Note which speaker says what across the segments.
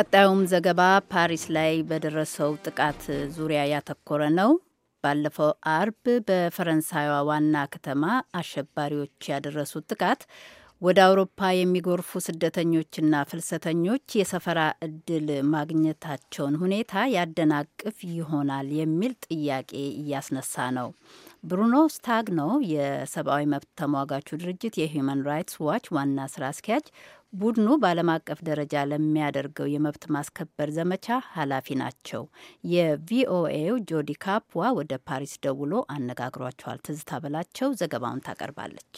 Speaker 1: ቀጣዩም ዘገባ ፓሪስ ላይ በደረሰው ጥቃት ዙሪያ ያተኮረ ነው። ባለፈው አርብ በፈረንሳይዋ ዋና ከተማ አሸባሪዎች ያደረሱት ጥቃት ወደ አውሮፓ የሚጎርፉ ስደተኞችና ፍልሰተኞች የሰፈራ እድል ማግኘታቸውን ሁኔታ ያደናቅፍ ይሆናል የሚል ጥያቄ እያስነሳ ነው። ብሩኖ ስታግኖ የሰብአዊ መብት ተሟጋቹ ድርጅት የሂዩማን ራይትስ ዋች ዋና ስራ አስኪያጅ ቡድኑ በዓለም አቀፍ ደረጃ ለሚያደርገው የመብት ማስከበር ዘመቻ ኃላፊ ናቸው። የቪኦኤው ጆዲ ካፕዋ ወደ ፓሪስ ደውሎ
Speaker 2: አነጋግሯቸዋል። ትዝታ በላቸው ዘገባውን ታቀርባለች።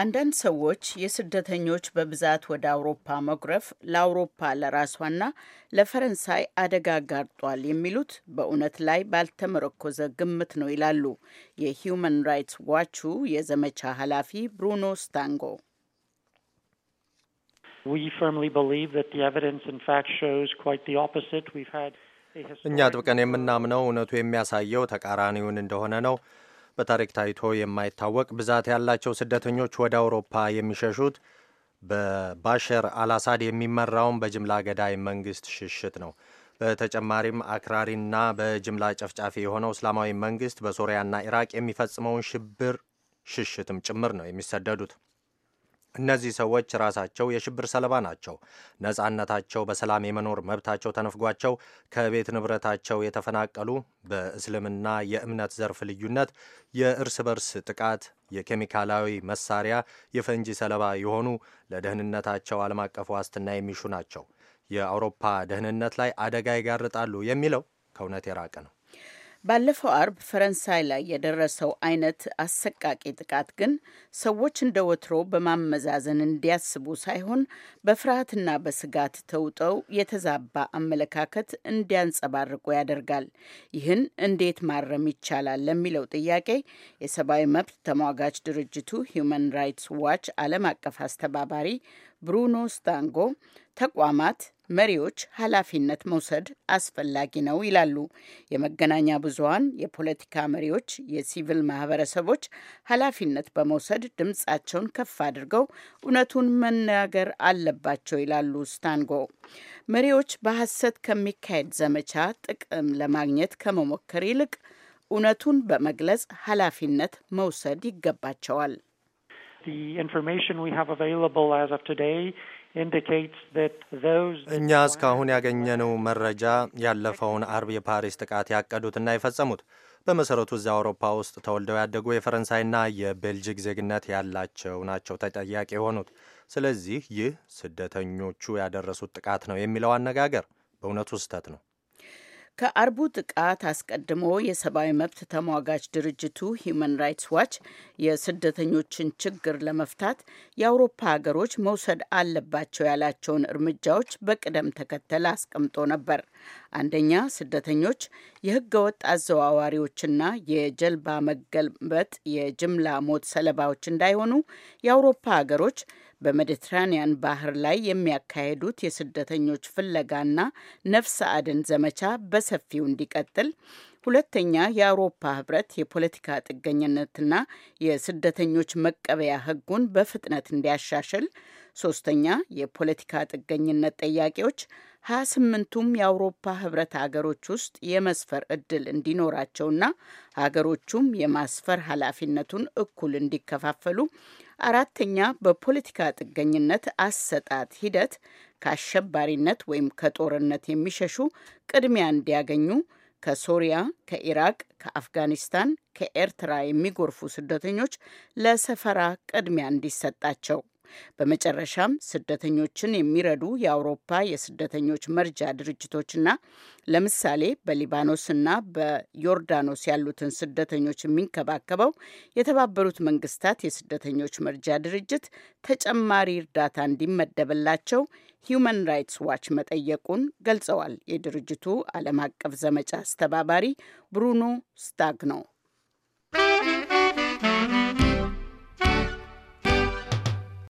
Speaker 2: አንዳንድ ሰዎች የስደተኞች በብዛት ወደ አውሮፓ መጉረፍ ለአውሮፓ ለራሷና ለፈረንሳይ አደጋ አጋርጧል የሚሉት በእውነት ላይ ባልተመረኮዘ ግምት ነው ይላሉ የሂዩማን ራይትስ ዋቹ የዘመቻ ኃላፊ ብሩኖ ስታንጎ።
Speaker 3: እኛ ጥብቀን የምናምነው እውነቱ የሚያሳየው ተቃራኒውን እንደሆነ ነው። በታሪክ ታይቶ የማይታወቅ ብዛት ያላቸው ስደተኞች ወደ አውሮፓ የሚሸሹት በባሸር አልአሳድ የሚመራውን በጅምላ ገዳይ መንግስት ሽሽት ነው። በተጨማሪም አክራሪና በጅምላ ጨፍጫፊ የሆነው እስላማዊ መንግስት በሶሪያና ኢራቅ የሚፈጽመውን ሽብር ሽሽትም ጭምር ነው የሚሰደዱት። እነዚህ ሰዎች ራሳቸው የሽብር ሰለባ ናቸው። ነጻነታቸው፣ በሰላም የመኖር መብታቸው ተነፍጓቸው ከቤት ንብረታቸው የተፈናቀሉ በእስልምና የእምነት ዘርፍ ልዩነት የእርስ በርስ ጥቃት፣ የኬሚካላዊ መሳሪያ፣ የፈንጂ ሰለባ የሆኑ ለደህንነታቸው ዓለም አቀፍ ዋስትና የሚሹ ናቸው። የአውሮፓ ደህንነት ላይ አደጋ ይጋርጣሉ የሚለው ከእውነት የራቀ ነው።
Speaker 2: ባለፈው አርብ ፈረንሳይ ላይ የደረሰው አይነት አሰቃቂ ጥቃት ግን ሰዎች እንደ ወትሮ በማመዛዘን እንዲያስቡ ሳይሆን በፍርሃትና በስጋት ተውጠው የተዛባ አመለካከት እንዲያንጸባርቁ ያደርጋል። ይህን እንዴት ማረም ይቻላል ለሚለው ጥያቄ የሰብአዊ መብት ተሟጋች ድርጅቱ ሂዩማን ራይትስ ዋች ዓለም አቀፍ አስተባባሪ ብሩኖ ስታንጎ ተቋማት መሪዎች ኃላፊነት መውሰድ አስፈላጊ ነው ይላሉ። የመገናኛ ብዙሃን የፖለቲካ መሪዎች፣ የሲቪል ማህበረሰቦች ኃላፊነት በመውሰድ ድምፃቸውን ከፍ አድርገው እውነቱን መናገር አለባቸው ይላሉ ስታንጎ። መሪዎች በሐሰት ከሚካሄድ ዘመቻ ጥቅም ለማግኘት ከመሞከር ይልቅ እውነቱን በመግለጽ ኃላፊነት መውሰድ ይገባቸዋል። The information we have available as of today
Speaker 3: እኛ እስካሁን ያገኘነው መረጃ ያለፈውን አርብ የፓሪስ ጥቃት ያቀዱትና የፈጸሙት በመሰረቱ እዚያ አውሮፓ ውስጥ ተወልደው ያደጉ የፈረንሳይና የቤልጅግ ዜግነት ያላቸው ናቸው ተጠያቂ የሆኑት። ስለዚህ ይህ ስደተኞቹ ያደረሱት ጥቃት ነው የሚለው አነጋገር በእውነቱ ስህተት
Speaker 2: ነው። ከአርቡ ጥቃት አስቀድሞ የሰብአዊ መብት ተሟጋች ድርጅቱ ሂዩማን ራይትስ ዋች የስደተኞችን ችግር ለመፍታት የአውሮፓ ሀገሮች መውሰድ አለባቸው ያላቸውን እርምጃዎች በቅደም ተከተል አስቀምጦ ነበር። አንደኛ፣ ስደተኞች የህገወጥ አዘዋዋሪዎችና የጀልባ መገልበጥ የጅምላ ሞት ሰለባዎች እንዳይሆኑ የአውሮፓ ሀገሮች በሜዲትራኒያን ባህር ላይ የሚያካሄዱት የስደተኞች ፍለጋና ነፍስ አድን ዘመቻ በሰፊው እንዲቀጥል ሁለተኛ የአውሮፓ ህብረት የፖለቲካ ጥገኝነትና የስደተኞች መቀበያ ህጉን በፍጥነት እንዲያሻሽል፣ ሶስተኛ የፖለቲካ ጥገኝነት ጠያቂዎች ሀያ ስምንቱም የአውሮፓ ህብረት ሀገሮች ውስጥ የመስፈር እድል እንዲኖራቸውና ሀገሮቹም የማስፈር ኃላፊነቱን እኩል እንዲከፋፈሉ አራተኛ በፖለቲካ ጥገኝነት አሰጣት ሂደት ከአሸባሪነት ወይም ከጦርነት የሚሸሹ ቅድሚያ እንዲያገኙ ከሶሪያ፣ ከኢራቅ፣ ከአፍጋኒስታን፣ ከኤርትራ የሚጎርፉ ስደተኞች ለሰፈራ ቅድሚያ እንዲሰጣቸው በመጨረሻም ስደተኞችን የሚረዱ የአውሮፓ የስደተኞች መርጃ ድርጅቶችና ለምሳሌ በሊባኖስና በዮርዳኖስ ያሉትን ስደተኞች የሚንከባከበው የተባበሩት መንግስታት የስደተኞች መርጃ ድርጅት ተጨማሪ እርዳታ እንዲመደብላቸው ሂዩማን ራይትስ ዋች መጠየቁን ገልጸዋል። የድርጅቱ ዓለም አቀፍ ዘመቻ አስተባባሪ ብሩኖ ስታግ ነው።